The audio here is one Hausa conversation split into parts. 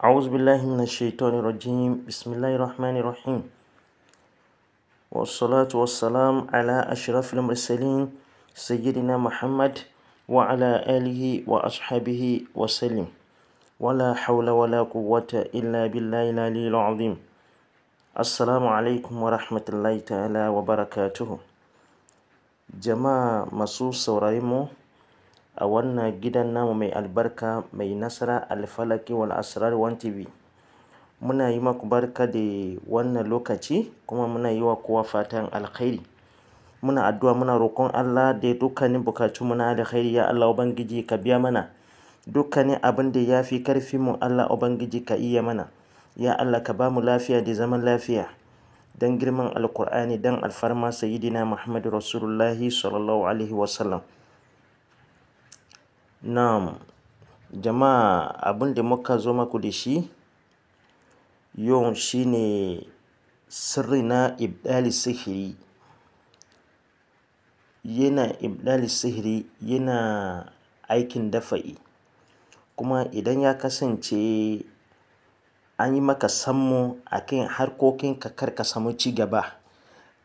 أعوذ بالله من الشيطان الرجيم بسم الله الرحمن الرحيم والصلاة والسلام على أشرف المرسلين سيدنا محمد وعلى آله وأصحابه وسلم ولا حول ولا قوة إلا بالله العلي العظيم السلام عليكم ورحمة الله تعالى وبركاته جماعة مصوص ورائمه a wannan gidan namu mai albarka mai nasara alfalaki wal asrar wan tv muna yi maku barka da wannan lokaci kuma muna yi wa kowa fatan alkhairi muna addu'a muna roƙon Allah da dukkanin bukatu muna alkhairi ya Allah ubangiji ka biya mana dukkanin abin da ya fi karfi mu Allah ubangiji ka iya mana ya Allah ka ba mu lafiya da zaman lafiya dan girman alkur'ani dan alfarma sayyidina Muhammadu rasulullahi sallallahu alaihi wasallam Na'am, jama'a abinda muka zo maku da shi yau shi ne sirri na ibdali sihiri. Yana ibdali sihiri yana aikin dafa'i. Kuma idan ya kasance an yi maka sammo a kan harkokinka kar ka samu gaba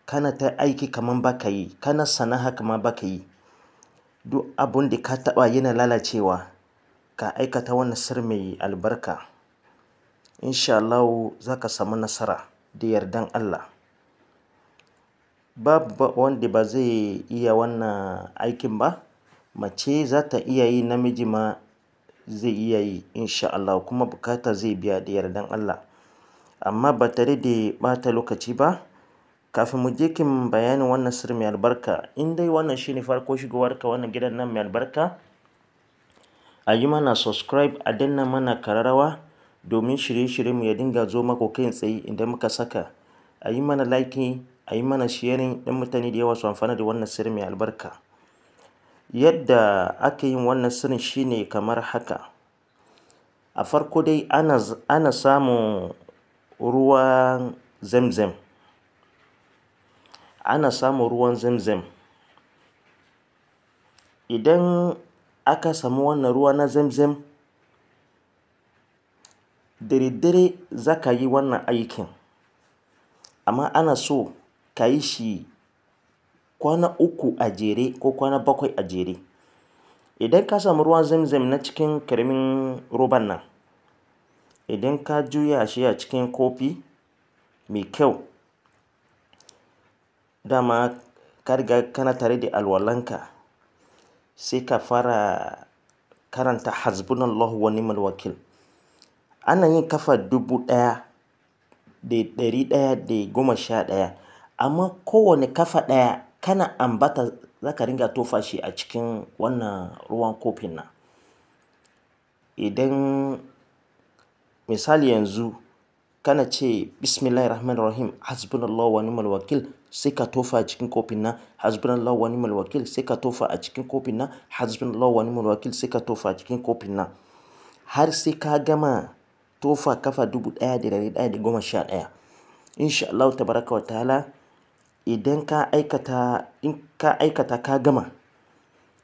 kana ta aiki kamar baka yi, kana sana'a kaman baka yi, duk abun da ka taɓa yana lalacewa ka aikata wannan sir mai albarka insha za ka samu nasara da yardan Allah babu wanda ba zai iya wannan aikin ba mace za ta iya yi namiji ma zai iya yi insha kuma bukata zai biya da yardan Allah amma ba tare da bata lokaci ba kafin mu je kin bayanin wannan sir mai albarka in dai wannan shine farko shigowarka wannan gidan nan mai albarka a yi mana subscribe a danna mana kararrawa domin shirye mu ya dinga zo mako kai tsaye idan muka saka a yi mana like a yi mana sharing ɗin mutane da yawa su amfana da wannan sir mai albarka yadda aka yin wannan sirrin shine kamar haka a farko dai ana, ana samun ruwan zamzam ana samun ruwan zamzam idan aka samu wannan ruwa na zamzam dare za ka yi wannan aikin amma ana so ka yi shi kwana uku a jere ko kwana bakwai a jere idan ka samu ruwan zamzam na cikin karamin roban nan idan ka juya shi a cikin kofi mai kyau dama karga kana tare da alwalanka sai ka fara karanta hasbunan wa ni'mal wakil ana yin kafa dubu ɗaya da ɗari ɗaya da goma sha ɗaya amma kowane kafa ɗaya kana ambata za ka ringa tofa shi a cikin wannan ruwan kofin na. idan misali yanzu kana ce bismillahir rahmanir rahim hasbunallahu wa ni'mal wakil sai ka tofa a cikin kofin nan hasbunallahu wa ni'mal wakil sai ka tofa a cikin kofin nan hasbunallahu wa ni'mal wakil sai ka tofa a cikin kofin nan har sai ka gama tofa kafa dubu ɗaya da ɗari ɗaya da goma sha ɗaya insha Allah tabaraka wa ta'ala idan ka aikata in ka aikata ka gama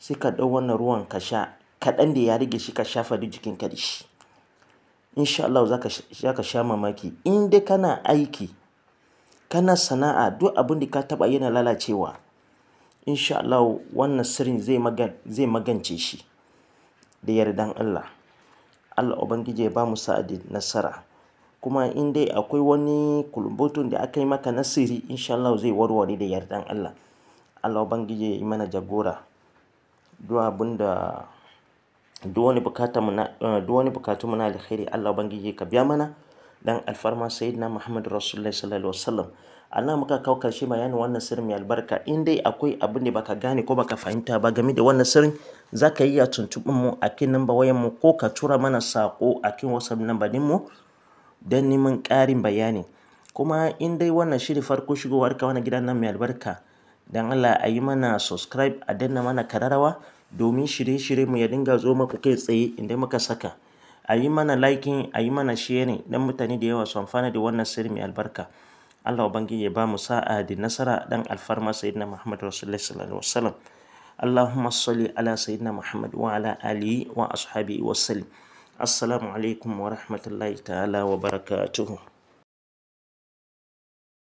sai ka ɗau wannan ruwan ka sha kaɗan da ya rage shi ka shafa duk ka da shi sha Allah za ka sha mamaki in dai kana aiki kana sana'a duk abin da ka taba yana lalacewa sha Allah wannan sirrin zai magance shi da yardan Allah Allah ubangije ba mu sa'adi nasara kuma in dai akwai wani kulubutun da aka yi maka nasiri insha Allah zai warware da yardan Allah Allah ubangije ya yi mana jagora duk abin Eh, duk wani bukatu mu na duk Allah ka biya mana dan alfarma sayyidina Muhammad Rasulullahi sallallahu alaihi wasallam Allah muka kawo karshe bayanin wannan sirri mai albarka in dai akwai abin da baka gane ko baka fahimta ba game da wannan sirrin zaka ya tuntuɓin mu a kin namba wayan mu ko ka tura mana sako a kin WhatsApp namba din mu dan neman ƙarin bayani kuma in dai wannan shiri farko shigowar ka wannan gidan nan mai albarka dan Allah a yi mana subscribe a danna mana kararawa domin shirye-shirye mu ya dinga zo maku kai tsaye inda muka saka a yi mana liking a yi mana sharing don mutane da yawa su amfana da wannan sirri mai albarka Allah ubangiji ya ba mu sa'a da nasara dan alfarma sayyidina Muhammad rasulullahi sallallahu alaihi wasallam اللهم Muhammadu, wa ala محمد wa آله وأصحابه assalamu alaikum wa rahmatullahi ta'ala wa barakatuhu.